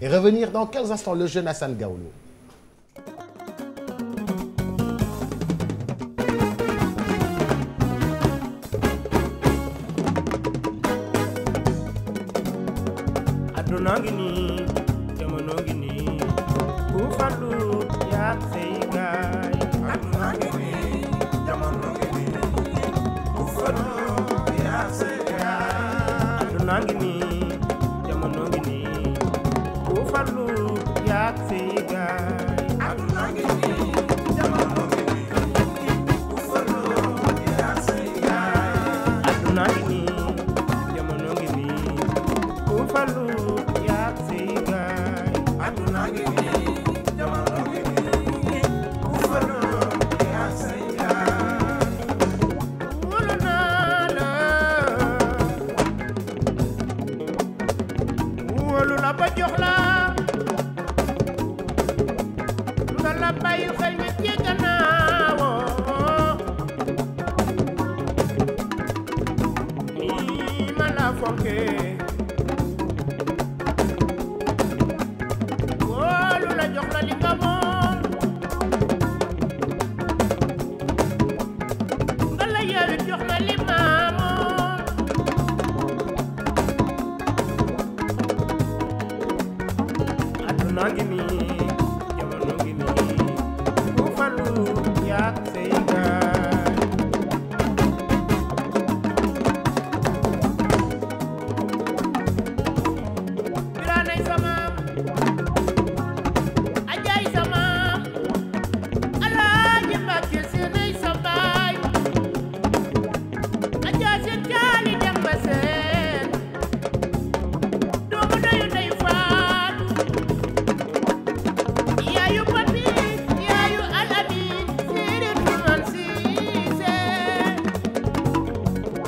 et revenir dans 15 instants le jeune Assane Gawlo. fallu yaag say gaay maa ngi nii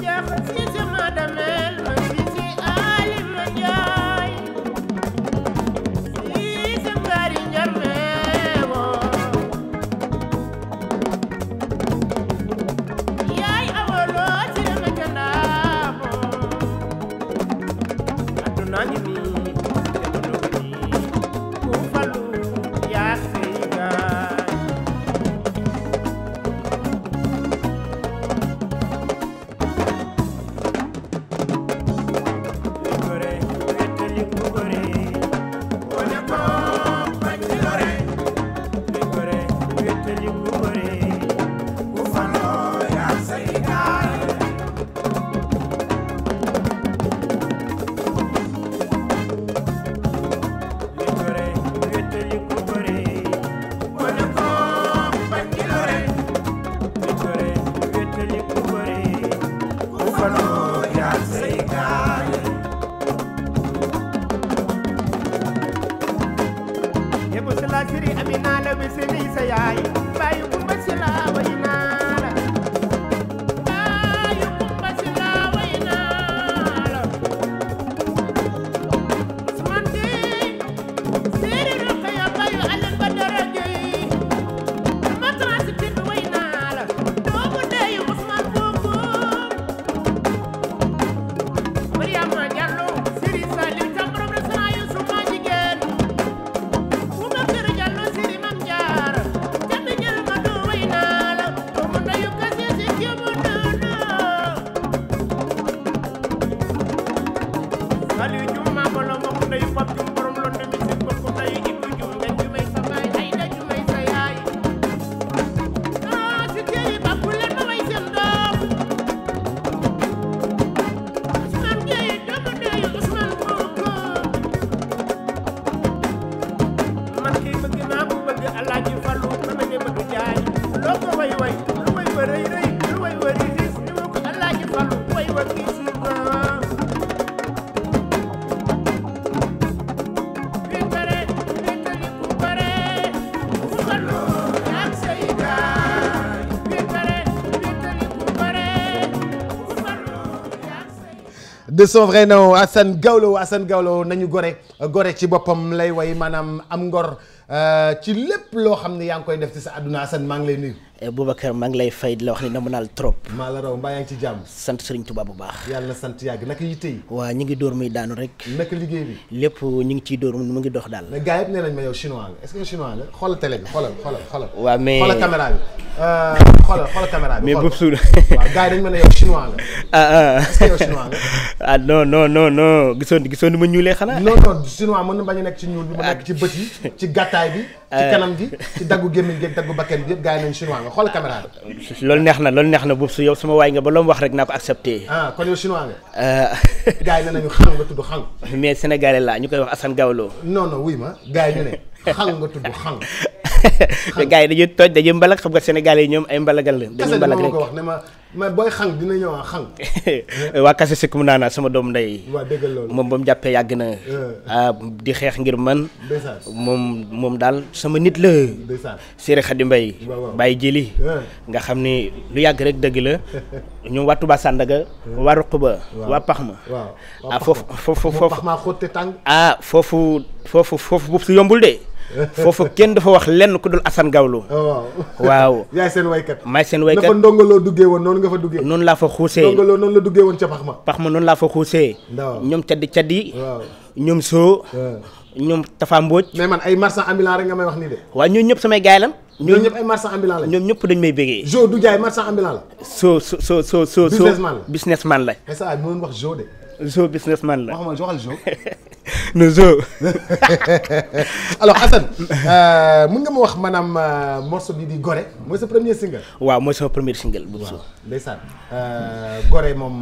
jàpp ci sama damel siri Amina la bi simi sa yaay Aliou Diouf maa ko loo mbokk ndeyu Pape Diouf de son vrai nom Assane Gawlo Assane Gawlo nañu gore gore ci boppam lay way maanaam am ngor euh, ci lépp loo xam ne yaa ngi koy def ci sa àdduna Assane maa ngi lay nuyu. Boubacar maa ngi lay fay di la wax ni na mu trop. maa la raw mbaa yaa ngi ci jàmm. sant Serigne Touba bu baax. yàlla sant yàgg naka yi tey. waa ñu ngi door muy daanu rek. naka liggéey bi. lépp ñu ngi ciy door mu ngi dox daal. mais gars yi nee nañ ma yow chinois la est-ce que chinois la xoolal télé bi xoolal xoolal waa mais xoolal caméra bi euh, dañ ma ne yow chinois la. ah ah est-ce que yow chinois la. ah non non non non gisoon gisoon ni ma ñuulee xanaa. non non chinois mën na bañ a nekk ci ñuul bi ma nekk ci bët yi ci gàttaay bi ci euh, kanam bi ci daggu gémmiñ gi daggu bakkan bi yëpp gaa yi nañ chinois nga xool caméra bi. loolu neex na loolu neex na boobu su yow suma waay nga ba loo wax rek naa ko accepté. ah kon yow chinois nga. Euh, gars yi ne nañu xang nga tudd xang. mais sénégalais laa ñu koy wax Assane Gawlo. non non wuy ma gars yi ñu ne xang nga tudd xang. mais gars yi dañuy toj dañuy mbalag xam nga sénégalais yi ñoom ay mbalagal la dañuy mbalag rek wax ne ma mais booy xang dina ñëw ah xang waa kase sikk mu naanaa sama doom ndey waa dëgg loolu moom ba mu jàppee yàgg euh. ah, di xeex ngir man moom moom daal sama nit la Sëriñ Xadi Mbay bàyyi jëli euh. nga xam ni lu yàgg rek dëgg la ñoom waa Touba Sandaga euh. waa ruq ba waa pax ma ah, ah foofu foofu foofu ah foofu foofu bu si yombul de foofu kenn dafa wax lenn ku dul Assane Gawlo oh. waaw yaay seen waykat maay seen waykat na fa loo duggee woon noonu nga fa duggee noonu laa fa xuusee ndongoloo noonu la duggee woon ca pax ma pax ma noonu laa fa xuusee ñoom caddi caddi ñoom soo ñoom Tafa Mbodj mais man ay marchand ambulant rek nga may wax nii de waaw ñooñu ñëpp samay gaay lan ñoom ñëpp ay marchand ñëpp dañu may bégee Jo du jaay marchand ambulant la soo so so so so businessman la businessman la est-ce que mënoon wax Jo de Jo businessman la waxal no so alors Assane euh, mën nga ma wax maanaam euh, morceau bi di gore mooy sa premier single. waaw mooy sama premier single. bu waaw saan euh, Gorée moom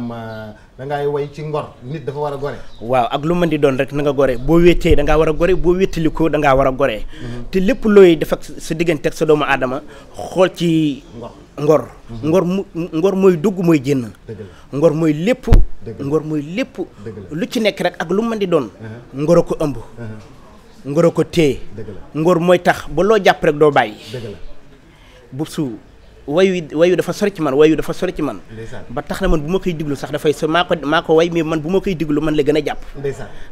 da ngay way ci ngor nit dafa war a Gorée. waaw ak lu mën di doon rek na nga Gorée boo wéetee da ngaa war a gore boo wéetali ko war a gore mhm. te lépp looy def ak sa diggante ak sa doomu aadama xool ci. ngor ngor mhm. ngor mu ngor mooy dugg mooy génn ngor mooy lépp ngor mooy lépp lu ci nekk rek ak lu mën di doon ngor a ko ëmb ngor a ko téye ngor mooy tax ba loo jàpp rek doo bàyyi bu su wayu wayu dafa sori ci man wayu dafa sori ci man ba tax na man bu ma koy diglu sax dafay so maa ko maa ko way mais man bu ma koy diglu man la gën a jàpp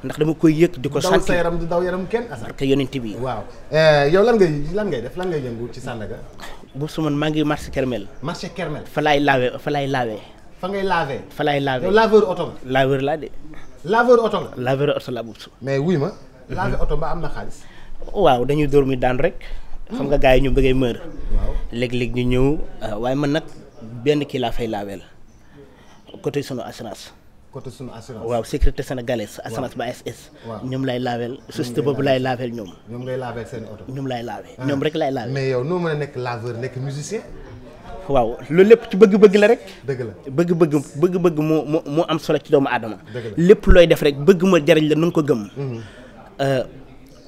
ndax dama koy yëg di ko sant sa yaram du daw yaram kenn parce que yonent bi waaw eh, yow lan ngay lan ngay def lan ngay yëngu ci Sandaga bourse man maa ngi marché Kermel. marché Kermel. fa laay laawee fa laay laawee. fa ngay laawee. fa laay laawee yow laveur oto nga. laveur laa de. laveur oto laa bourse. mais wuy ma. laawee oto ba am na xaalis. waaw dañuy dóor mi daan rek. xam nga gars yi ñu bëggee mër. léeg-léeg ñu ñëw. waaye man nag benn kii laa fay laawee côté sunu assurance. côté suñu assurance waaw sécurité sénégalaise assurance ba ASS. ñoom lay laaweel société boobu lay laaweel ñoom. ñoom ngay laaweel seen oto. ñoom lay laawee ah. ñoom rek lay laawee. noo mën a nekk laveur nekk waaw loolu lépp ci bëgg-bëgg la rek. dëgg la bëgg-bëgg bëgg-bëgg moo moo moo am solo ci doomu aadama. lépp looy def rek bëgg ma jariñ la nu nga ko gëm. Mhm. Euh,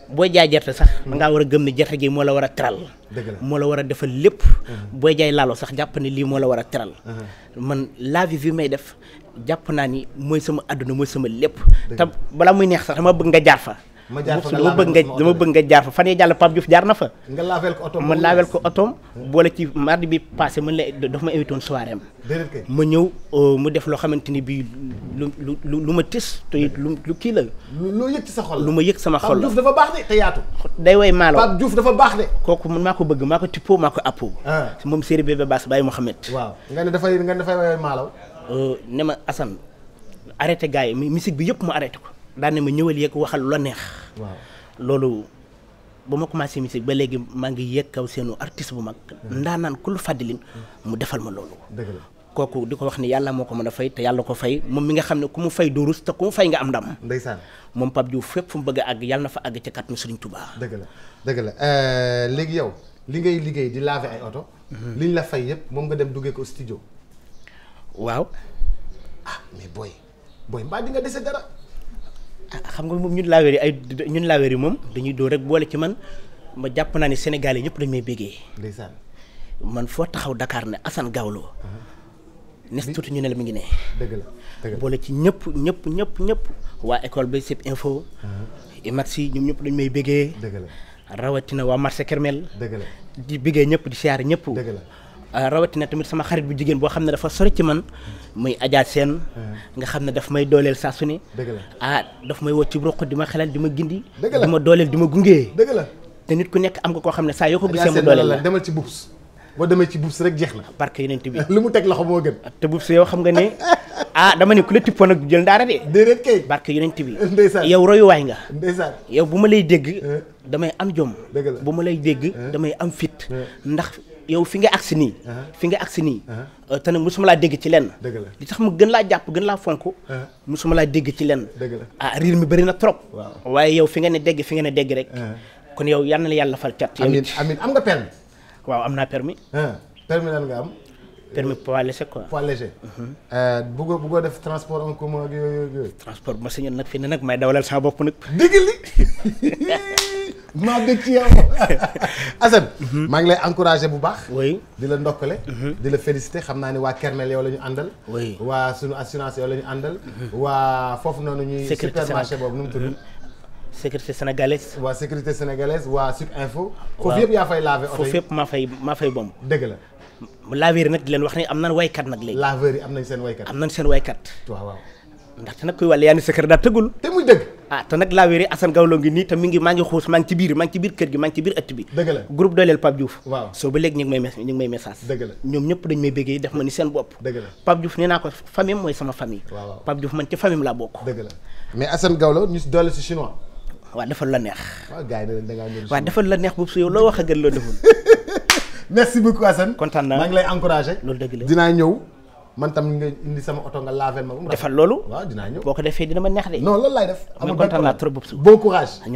booy jaay gerte sax mhm. da war a gëm ne gerte gi moo la war a teral moo la war a defal lépp mhm. booy jaay laalo sax jàpp ne lii moo la war a teral man laavi bi may def jàpp naa ni mooy sama àdduna mooy sama lépp te balaa muy neex sax dama bëgg nga jaar fa ma jaar fa dama bëgg nga dama nga jaar fa fan yii jàll Pape Diouf jaar na fa. nga laawel ko ko otoom. boole ci mardi bi ma invité woon soirée am. ma ñëw euh, mu def loo xamante ni bii lu lu lu ma tis te lu lu kii la. lu yëg sa xol lu ma yëg sama xol la Pape Diouf te yaatu. day maalo Pape Diouf dafa baax kooku man maa ko bëgg maa ko tippoo maa ko appoo. Ah. moom séeréer bébé baas Baye Mouhamed. waaw nga ne dafay nga ne dafay way maalo Euh, ne ma Assane arrêté gars yi musique bi yëpp mu arrêté ko daan ne ma ñëwal yeeg waxal lu la neex. waaw loolu ba ma commencé musique ba léegi maa ngi yéeg kaw seenu artiste bu mag. Hmm. ndaanaan ku lu fàddilin mu defal ma loolu. dëgg la kooku di ko wax ni yàlla moo ko mën a fay te yàlla ko fay moom mi nga xam ne ku mu fay doorus te ku mu fay nga am ndam. ndeysaan moom Pape Diouf fépp fu mu bëgg a àgg yàlla na fa àgg ci kàttanu Sëriñ Tuubaa. dëgg la dëgg la euh, léegi yow li ngay liggéey di laver ay oto. Hmm. liñ la fay yëpp moom nga dem duggee ko studio. waaw. ah booy booy mbaa di nga dese dara. Ah, xam nga moom ñun laaweer yi ay ñun laaweer yi moom dañuy dóor rek boole ci man ma jàpp naa ne Sénégal yi ñëpp dañ may bégee. ndeysaan man foo taxaw dakaar ne Assane Gawlo. Uh-huh. nes tuuti ñu ne la mi ngi ne. dëgg la boole ci ñëpp ñëpp ñëpp ñëpp waa école bi Sib Info. Uh-huh. Imaxi ñoom ñëpp dañ may bégee. dëgg rawatina waa marché Kermel. dëgg la di bégee ñëpp di siyaar ñëpp. dëgg la. Euh, rawatina tamit sama xarit bu jigéen boo xam ne dafa sori ci man muy ajaat seen hmm. nga xam ne daf may dooleel saa su ne ah daf may woo ci roq di ma xelal di ma gindi di ma dooleel di ma gungee dëgg la te nit ku nekk am nga koo xam ne saa yoo ko gisee mu dooleel la demal ci buubs boo demee ci buubs rek jeex na barke yeneen bi lu mu teg loxo moo gën te buubs yow xam nga ne ah dama ne ku la tippoon ak jël ndaara de déedéet kay barke yeneen bi ndeysaan yow royuwaay nga yow bu ma lay dégg damay am jom bu ma lay dégg damay am fit ndax yow fi nga agsi nii fi nga agsi nii euh, te nag musuma laa dégg ci lenn li tax mu gën laa jàpp gën laa fonk musuma laa dégg ci lenn ah riir mi bari na trop waaye yow fi nga ne dégg fi nga ne dégg rek kon yow yal na yàlla fa cat amiin amiin am nga permis waaw am naa permis permis lan nga am permis poids léger quoi poids léger mhm. euh, transport en nag fi ne nag may dawalal sama bopp nag dégg li maa bëgg ci yow Assane maa ngi lay encouragé bu baax di la le mhm. di la félicité xam naa ni waa Kernel yow la ñu àndal waa suñu assurance yow la ñu àndal mhm. waa foofu noonu ñuy supermarché boobu nu mu tudd mhm. sécurité sénégalaise waa sécurité sénégalaise waa Sud Info foofu yëpp yaa fay lavé foofu yëpp maa fay bomb dëgg la laveur yi nag di leen wax ne am nañ waykat nag léegi laveur yi am nañ seen waykat am nañ seen waykat waaw ndaxte nag kuy wàlle yaa ni sa kër daa tëggul te muy dëgg ah te nag laa wéere Assane Gawlo ngi nii te mi ngi maa ngi xuus maa ngi ci biir maa ngi ci biir ëtt bi groupe dooleel Pape Diouf soo ba léegi ñu may message ñoom ñëpp dañ may béggee def ma ni seen bopp dëgg la Pape Diouf nee naa ko famille mooy sama man ci famille laa bokk mais Assane Gawlo ñu doole si chinois waaw defal la neex waaw gars yi ne da ngaa waaw defal la neex boobu su yow loo wax a gën loo deful merci beaucoup Assane kontaan naa maa ngi man tam nga indi sama oto nga laver ma. defal loolu. waaw dinaa ñëw boo ko defee dina ma neex de. non loolu laay def. amul kontaan naa trop. bon courage.